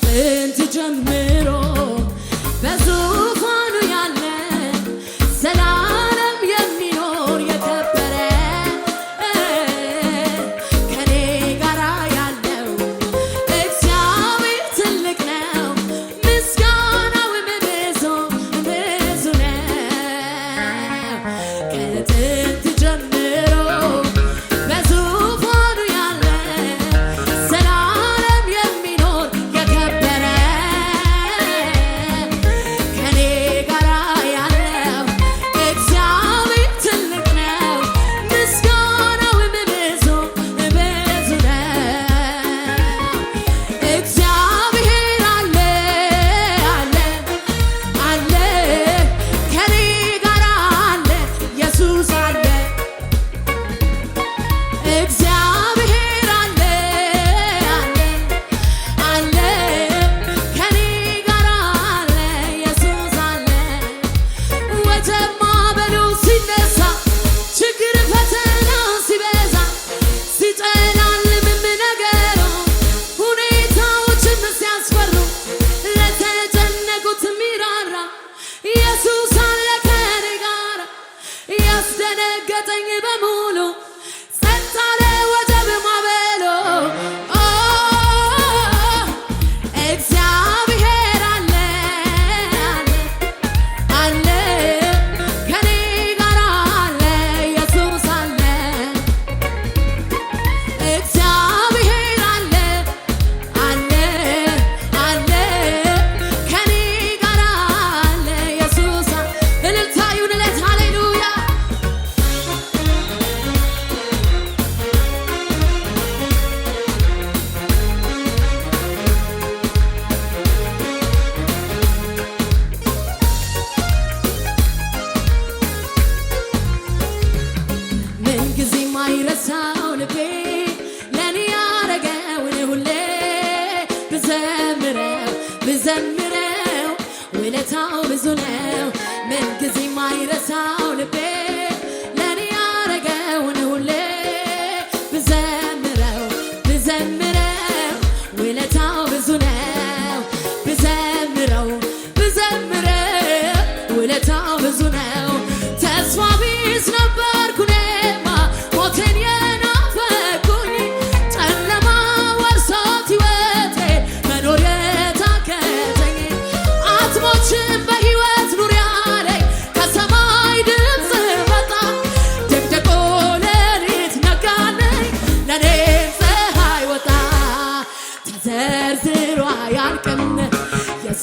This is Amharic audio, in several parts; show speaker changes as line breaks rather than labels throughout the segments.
ከጥንት ጀምሮ በዙ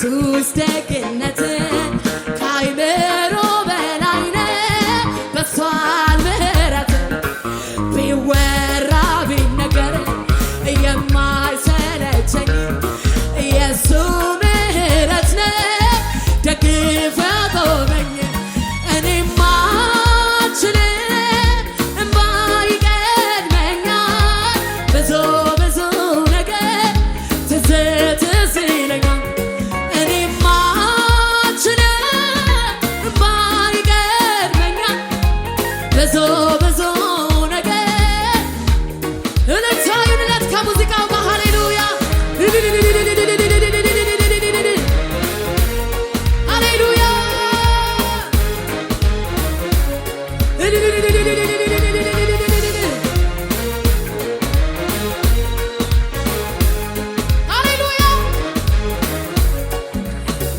who's taking that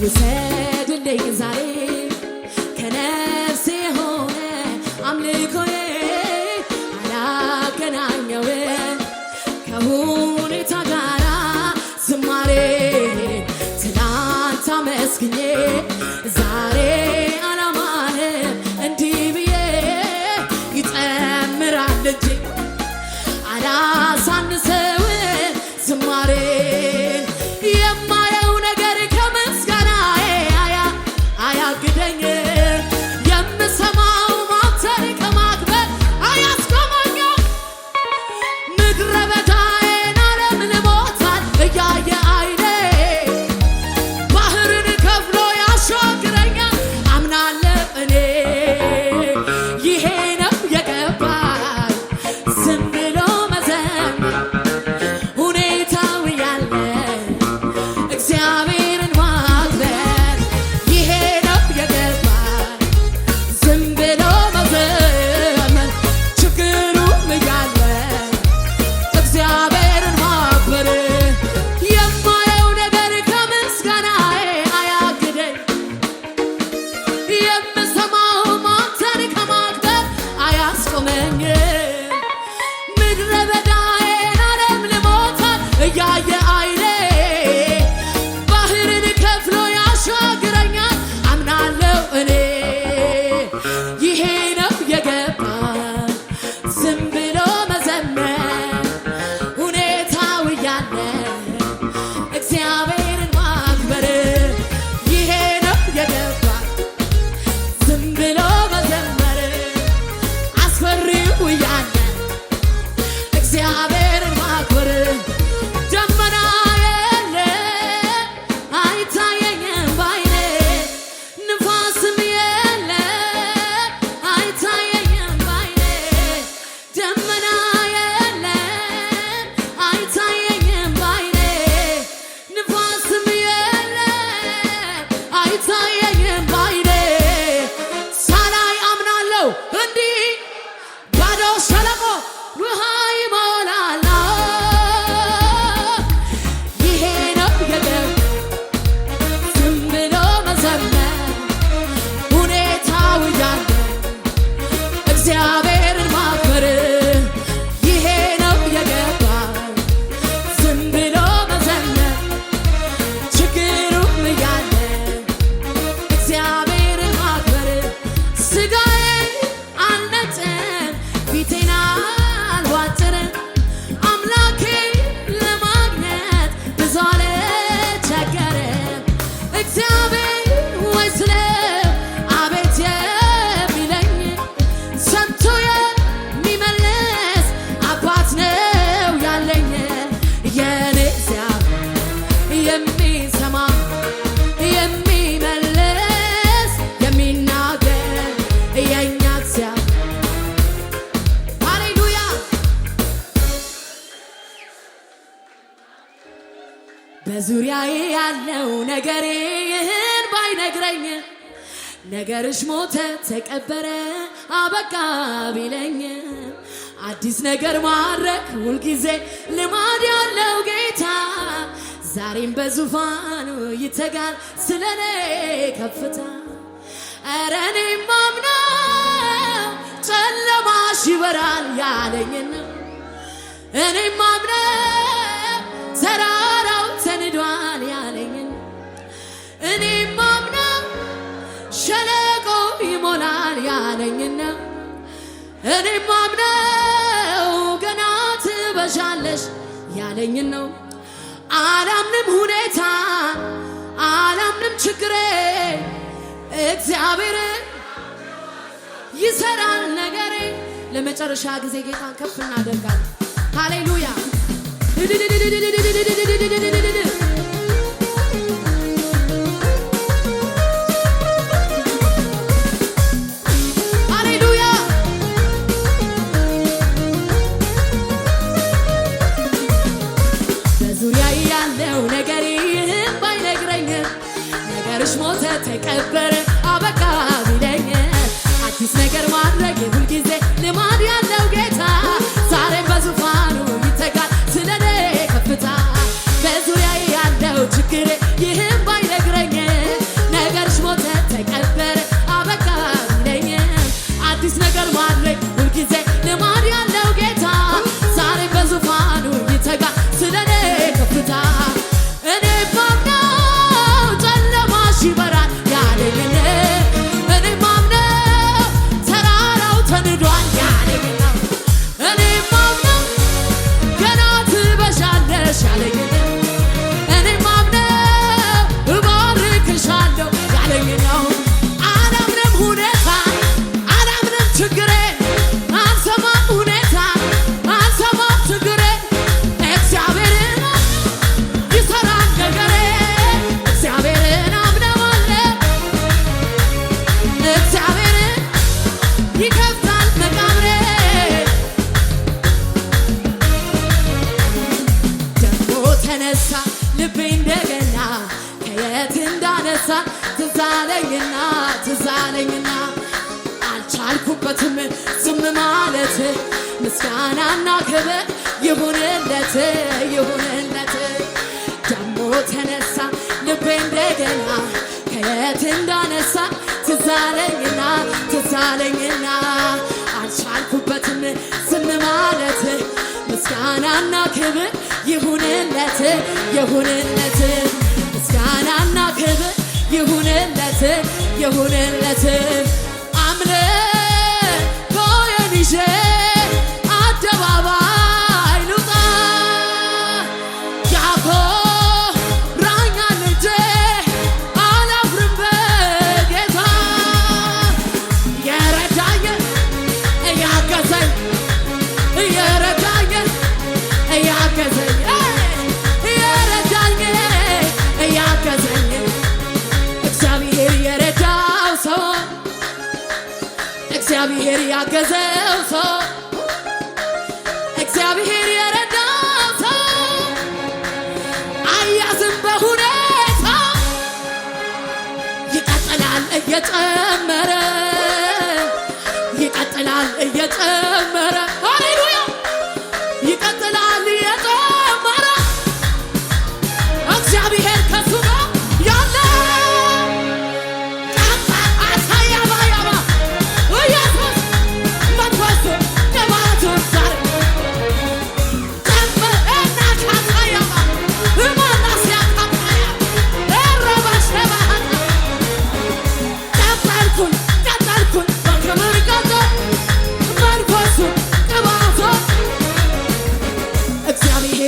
ውሰዱልኝ ዛሬ ቢለኝ ነገርሽ ሞተ ተቀበረ አበቃ ቢለኝ አዲስ ነገር ማድረግ ሁልጊዜ ልማድ ያለው ጌታ ዛሬም በዙፋኑ ይተጋል ስለኔ ከፍታ ኧረ እኔም ማምነው ጨለማሽ ይበራል ያለኝን እኔም ማምነው ተራራው ተንዷል ያለኝን እኔም እኔ ማምነው ገና ትበዣለሽ ያለኝን ነው። አላምንም ሁኔታ አላምንም ችግሬ እግዚአብሔር ይሰራል ነገሬ። ለመጨረሻ ጊዜ ጌታን ከፍ እናደርጋለን። ሃሌሉያ ትዛለኝና ትዛለኝና አልቻልኩበትም ዝም ማለት ምስጋናና ክብር ይሁንለት ይሁንለት ደሞ ተነሳ ልቤ እንደገና ከየት እንዳነሳ ትዛለኝና ትዛለኝና አልቻልኩበትም ዝም ማለት ምስጋናና ክብር ይሁንለት ይሁንለት ምስጋናና ክብር ይሁንለትን ይሁንለትን አምነ ጎየን ይዤ እግዚአብሔር ያገዘው ሰው እግዚአብሔር የረዳው ሰው አያዝም በሁኔታ ይቀጥላል እየጨመረ ይቀጥላል እየጨመረ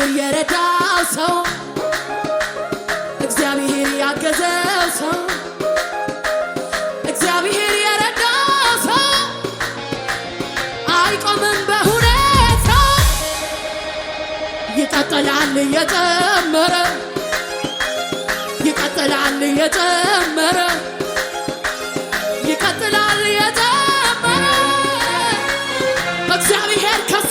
እግዚአብሔር የረዳው ሰው እግዚአብሔር ያገዘው ሰው እግዚአብሔር ሰው አይቆምም በሁኔታ ይቀጥላል እየጨመረ ይቀጥላል እየጨመረ ይቀጥላል እየጨመረ እግዚአብሔር ከሱ